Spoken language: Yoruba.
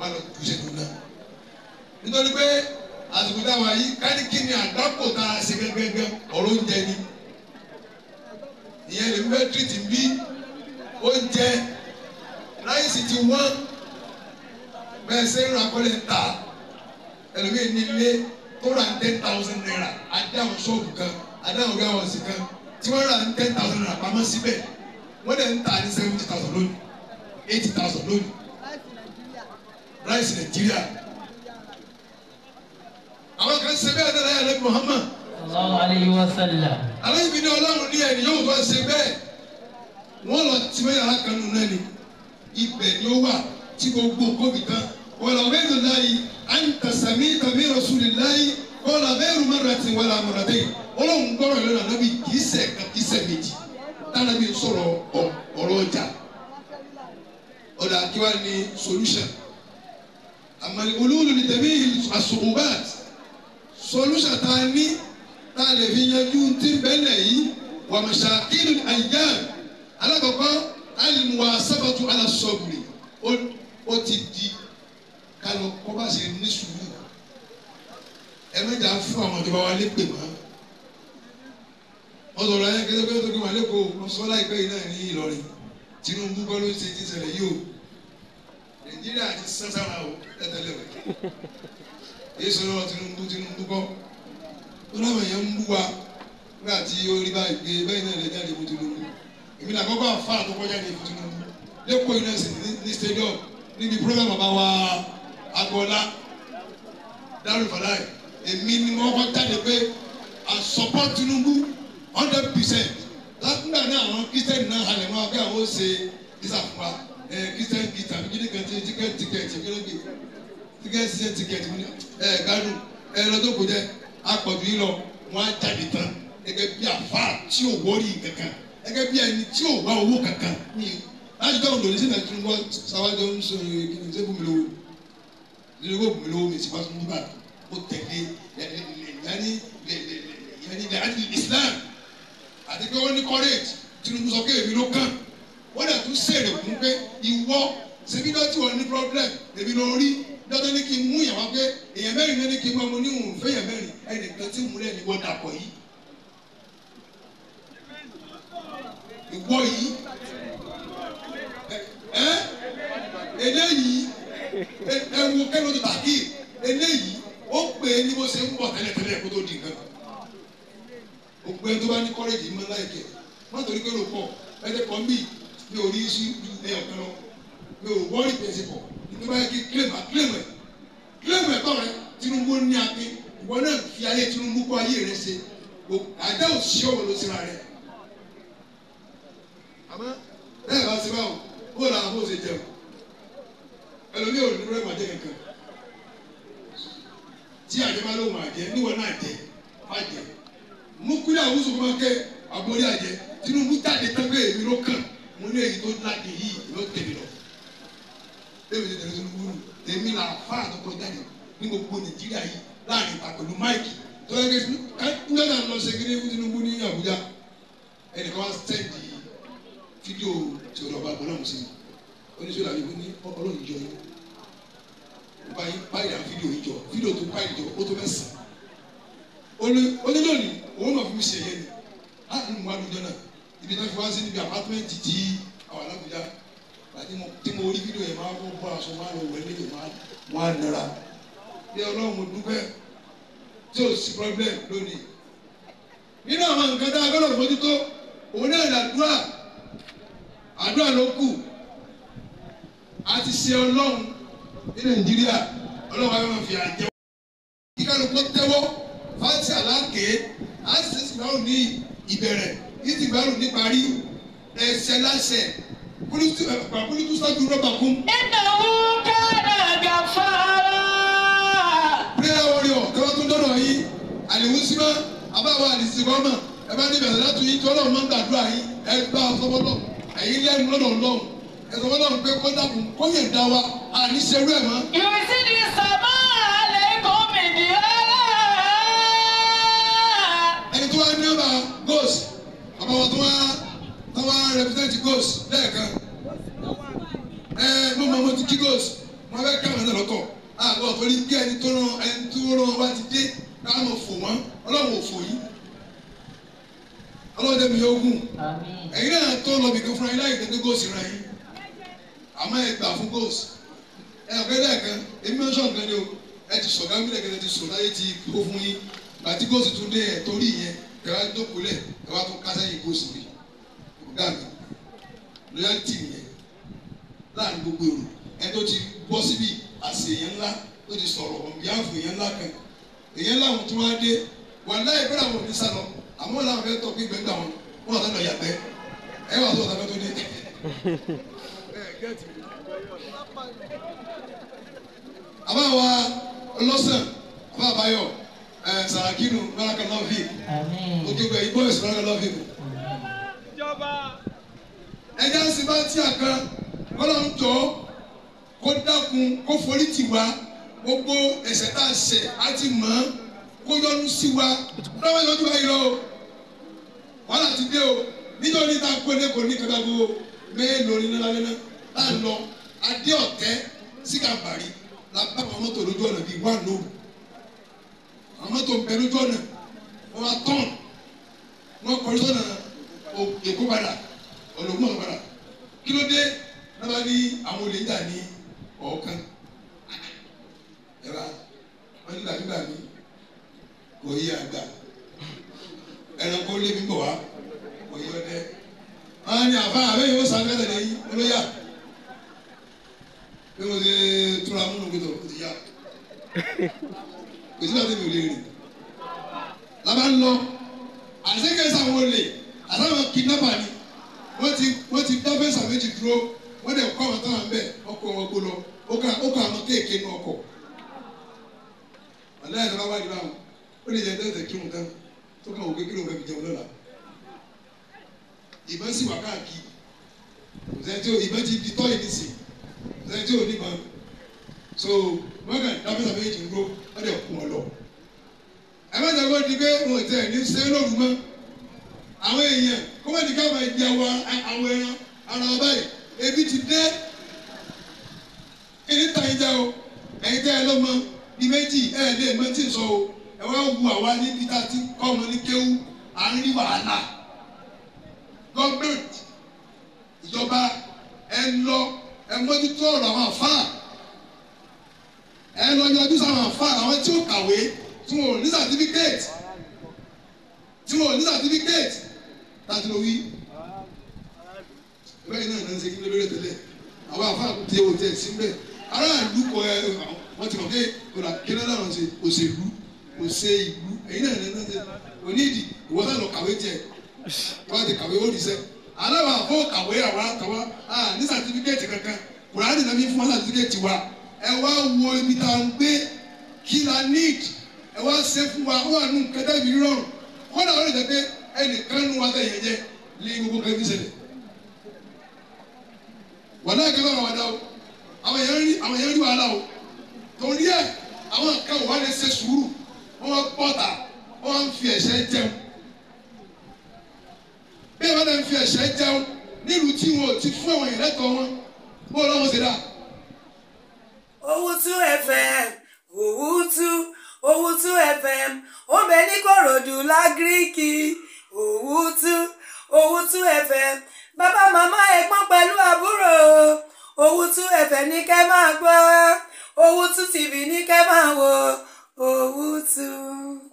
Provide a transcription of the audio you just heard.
wà lọ kú sínú náà nítorí pé àsìkò táwa yìí káríkì ni àgbákò tá a ṣe gẹ́gẹ́gẹ́ ọ̀rọ̀ oúnjẹ ni ìyẹn lè fẹ́ tìrìtì bí oúnjẹ ráìsì ti wọ́n bẹ́ẹ̀ ṣe ń ra kọ́lé ta ẹlòmíì nílé tó ra ten thousand naira adáhùn ṣọ́ọ̀bù kan adáhùn gẹ́wọ̀sì kan tí wọ́n ra ten thousand naira pamọ́ síbẹ̀ wọ́n dẹ̀ ń ta ní seventy thousand lónìí eighty thousand lónìí rice Nigeria àwọn kan ṣe bẹ́ẹ̀ náà láyà lẹ́bi Muhammad. Allahu alayhi wa sallam. aláìbí ni ọlọ́run ní ẹni yóò fọ́ ṣe bẹ́ẹ̀ wọ́n lọ ti bẹ́ẹ̀ yàrá kan nù náà ni ibẹ̀ ni ó wà tí gbogbo kóbi tán wàlà bẹ́ẹ̀rù láyé àǹtàsàmì tàbí rasúlì láyé wàlà bẹ́ẹ̀rù mẹ́rẹ̀tì wàlà àmọ̀rẹ́dẹ́ ọlọ́run gbọ́rọ̀ ìlú náà lọ́bi kì í ṣe kan kì méjì tánàbí sọ̀rọ̀ ọ̀rọ̀ ọjà ọ̀dà kí wàá ní solution àmàlí olúùlù ní tẹ̀mí àsùnwùbàt solution tá a ní tá a lè fi yanjú tí bẹ́lẹ̀ yìí wàmùsà kínú àyíká alákọ̀ọ́kọ́ alimuwa sábàtú alasọ̀gbìn ó ti di kálọ̀ kó bá ṣe ní sùúrù ẹ méjà fún àwọn ìjọba wa lépè mọ́ wọ́n sọ̀rọ̀ ayé kẹ́tẹ́kẹ́tẹ́ tó kí wọ́n lé kó wọ́n sọ yìí náà ní Ìlọrin Tinubu kọ́ ló ń ṣe ti ṣẹlẹ̀ yìí o nàìjíríà ti sására o tẹ́tẹ́lẹ̀ o èyí sọ̀rọ̀ Tinubu Tinubu kọ́ ọlọ́run yẹn ń bú wa nígbà tí ó rí báyìí pé bẹ́ẹ̀ náà lè jáde fún Tinubu èmi náà kọ́kọ́ àfa àtọ́kọ́ jáde fún Tinubu lẹ́kọ̀ọ́ iná sí ní stadium níbi program bàbá wa Agboola Darul Falai èmi ni mo kọ́ jáde pé I support Tinubu hundred percent látìgbà náà àwọn Christian náà halẹ̀ mọ́ abẹ́ àwọn ó ṣe dísàfúra ẹ christian gita mi gidi kan ti ticket ticket ìpínlẹ̀ gbé ticket season ticket mi ẹ gbádùn ẹ lọ tó kù jẹ akpọ̀jù yìí lọ wọn á jáde tán gẹ́gẹ́ bí àfa tí ò wọ́ọ̀rì kankan gẹ́gẹ́ bí ẹni tí ò wá owó kankan ní láti dọ́wọ́ lòdì sí nàìjíríà tí wọ́n sáwájọ́ ń sọ kìnnì tí bùnmi lówó nínú ìwé bùnmi lówó mi sì wá sunu báyìí ó tẹ̀lé yanni yanni yanni islam àti pé wọ́n ní courage Tinubu sọ pé èmi ló kàn wọ́n dẹ̀ tún ṣèrè fún pé ìwọ ṣebí dọ́tí wọn ní problem èmi ló rí dọ́tọ́ ní kí n mú yàn wá pé èèyàn mẹ́rin ló ní kí n mọ́ mo ní òun fẹ́ yàn mẹ́rin ẹnìkan tí mo lẹ́ ní wọ́n dàpọ̀ yìí. ìwọ yìí ẹ eléyìí ẹ wo kẹ́lọ́ tó tàkì eléyìí ó pè é ní bó ṣe ń bọ̀ tẹ́lẹ̀tẹ́lẹ̀ kó tó di nǹkan kan ògbẹ́ tó bá ní kọ́lẹ́jì mọ́ láìpẹ́ má torí pé ló pọ̀ ẹ̀ mi ò rí iṣu ju ẹyọ kan lọ mi ò wọ́ọ̀rì pẹ̀sìpọ̀ nínú báyìí kí kílèmù àkílèmù ẹ̀ kílèmù ẹ̀ tọ́ rẹ Tinubu ní akin ìwọ náà fi ayé Tinubu kó ayé rẹ ṣe àdá òṣìṣẹ́ òwò ló sira rẹ. àmọ́ bẹ́ẹ̀ bá ṣe báwọn bó la bó ṣe jẹun ẹlòmíì ò ní rẹ́ màjẹ́ kankan tí àjẹ́ bá lóhùn àjẹ́ níwọ̀n náà jẹ́ má jẹ́ mú kúlẹ̀ àwùjọ máa àbórí àjẹ́ Tinubu jáde tán pé èmi ló kàn mo ní èyí tó jáde yìí ló tèmi lọ èmi ti tẹ̀lé sínú wúrù èmi là fà tó kọjá yìí ní gbogbo nàìjíríà yìí láàrin ìta pẹ̀lú máìkì tó yẹ kí ẹ náà lọ ṣe kiri tinubu ní àbújá ẹnìkan wá sẹ́ǹdì fídíò tí ọ̀rọ̀ ọba gbọ́dọ̀ sí oníṣẹ́ ìlànà ìwé ní ọlọ́run ìjọ yìí báyìí báyìí ibi náà fi wá sí níbi àpátímẹ́ǹtì tí àwọn alábùjá àti tí mo rí fídíò yẹn máa kó bọ́ aṣọ máa lọ wẹ̀lé yẹn máa wọ́n á nira bí ọlọ́run mo dúpẹ́ tí ò sí problem lónìí. nínú àwọn nǹkan tá a gbọ́dọ̀ mójútó òun náà ní àdúrà àdúrà ló kù àti ṣe ọlọ́run ní nàìjíríà ọlọ́run àwọn ọmọ fìyà jẹ́ kíkálukú tẹ́wọ́ fásitì aláǹkè á sì ṣe sùgbọ́n ní ìbẹ̀rẹ̀ ìdìbẹ̀rù níparí ẹ̀ṣẹ̀ láṣẹ kúlùtù sáájú rọ́bà kún. ìnáwó kánà gàfárà. prayer warrior kí wọ́n tún dọ́dọ̀ yín àlèwúsímá abáwa àlìsímọ́mà ẹ bá níbẹ̀ látò yín tí ọlọ́run máa ń gbàdúrà yín ẹ bá a sọ́wọ́ lọ ẹ̀yin lẹ́nu lọ́dọ̀ ọlọ́run ẹ sọ́wọ́ lọ́run pé kọ́ńdà kún kó yẹn dá wa àníṣerú ẹ̀ mọ́. ìrètí ni eh, sàmá. àdánwò òfò yìí ọlọ́dẹ mi yóò gùn ẹ̀yin náà tó lọ bìkan fúnra yín láì tètè góòsì ra yín àmọ́ ẹ gbà fún góòsì ẹ ọ̀gẹ́dẹ̀ kan èmi máa ń ni o ẹ ti sọ̀gá mílẹ̀ kẹ́lẹ́ ti sọ láyé ti kó fún yín gbàtí góòsì tún dé ẹ̀ torí ìyẹn ẹ wá tó kulẹ̀ ẹ wá tó kásá yìí góòsì rí ọ̀gá mi lọ́yàtì nìyẹn láàrin gbogbo èrò ẹ tó ti bọ́ síbi àṣeyẹn ńlá tó ti sọ̀rọ̀ ọ̀bí wàlá ìbúra wọn ní sálọ àmọ́ làwọn fẹ́ tọ́ gbígbẹ́ gbà wọn wọn àtọ́ lọ yàgbẹ́ ẹ wà tó sàfẹ́ tó dé. àbá wa lọ́sàn àbá àbáyọ sàràkínú baraka lọ́ọ̀fì ojúgbẹ ìbọn èso baraka lọ́ọ̀fì. ẹja sì bá tí a kan wọn lọ ń jọ kó dákun kó forí tì wá gbogbo ẹ̀ṣẹ̀ tá a ṣẹ̀ á ti mọ̀ ọ́ kó yọnu sí wa lọ́wọ́ yọjú báyìí lọ wàhálà ti dé o nítorí tá a kó ní kò ní kẹta gbogbo mélòó ní nílá lẹ́nà tá a lọ adé ọ̀tẹ́ síkàbàrí la bá àwọn mọ́tò lójú ọ̀nà bíi wà lóru àwọn mọ́tò ń bẹ lójú ọ̀nà wọn wá tán wọn kọ lójú ọ̀nà èkó padà ọ̀nà ògùn ọ̀nà padà kí ló dé náà bá ní àwọn olè ń dà ní ọ̀ọ́kan. òye àgbà ẹranko lé mi bọ̀ wá òye ọdẹ wọn ní àfa àbẹ́yẹ ó sàn kẹ́tẹ̀ lẹ́yìn olóyà bí mo ṣe túra múnú gbé tó ti yá èsì láti mi ò lè rìn lábá ń lọ àṣekẹ́sà wọn lè àtàwọn kidnapper ni wọ́n ti wọ́n ti dá fẹ́sà méjì dúró wọ́n dẹ̀ kọ́ àwọn táwọn bẹ́ẹ̀ ọkọ̀ wọn gbó lọ ó kà ó kà àwọn kéèké nù ọkọ̀ wọ́n lẹ́yìn tó bá wá ìlú àwọn o lè jẹ tẹ́tẹ̀ kírun tán tó kàn wò pé kírun fẹ́ fi jẹun lọ́la ìbọn sì wà káàkiri ìbọn tí ìbọn ti di tọ́yìn nísì ìbọn tí ò ní ìbọn so mọ́gàn dábẹ́sà méjì ń gbó wọ́n dẹ̀ kún ọ lọ. ẹ má jẹ́ kó di pé wọn ò tẹ̀ ní ṣe lóru mọ́ àwọn èèyàn kó má di ká máa àwọn ẹran ara ọba yìí ebi ti dé ẹni tàn o ẹ̀yin tẹ́ ẹ lọ́mọ bíi méjì ẹ̀ lè mọ́ sọ o ẹ wá wu àwa níbi tá a ti kọ́ wọn ní kéwú à ń rí wàhálà gọ́ọ̀mẹ̀ntì ìjọba ẹ lọ ẹ mójútó ọ̀rọ̀ àwọn àfáà ẹ lọ yanjú sáwọn àfáà àwọn tí ó kàwé tí wọn ò ní sàtífíkẹ́ẹ̀tì tí wọn ò ní sàtífíkẹ́ẹ̀tì láti lọ wí bẹ́ẹ̀ náà náà ń ṣe kí lóore tẹ́lẹ̀ àwọn àfáà kò tiẹ̀ wò tiẹ̀ sí bẹ́ẹ̀ aráàlú kọ ẹ wọ́n ti mọ̀ pé kí ló dáhùn ṣe òṣèlú kò ṣe ìlú èyí náà nínú ṣe onídìí ìwọ sá lọ kàwé tiẹ̀ wọn ti kàwé ó di sẹ aláwa àfọ kàwé àwa àtàwa ní sàtífíkẹ́ẹ̀tì kankan kùránì náà mi fún sàtífíkẹ́ẹ̀tì wa ẹ wá wo ibi tá à ń gbé kí la need ẹ wá ṣe fún wa ó wà nù kẹtẹ mi rọrùn kọ́nà ó lè jẹ́ pé ẹnìkan nù wa tẹ̀ yẹn jẹ lé gbogbo kan fi ṣẹlẹ̀ wà náà kẹfẹ́ wà dá o àwọn yẹn rí wàhálà o torí ẹ àwọn kan wà lè ṣe sùúrù wọ́n pọ́tà wọ́n ń fi ẹ̀ṣẹ̀ jẹun bí ẹ bá dẹ̀ fi ẹ̀ṣẹ̀ jẹun nílùú tí wọn ò ti fún àwọn èèyàn lẹ́kọ̀ọ́ wọn bó lọ́wọ́ sí dà. Owutu FM Owutu Owutu FM ó bẹ ní Kòròdú lágíríkì Owutu Owutu FM bàbá màmá ẹ̀gbọ́n pẹ̀lú àbúrò Owutu FM ní kẹ́ máa gbọ́ Owutu TV ní kẹ́ máa wò. owó tún.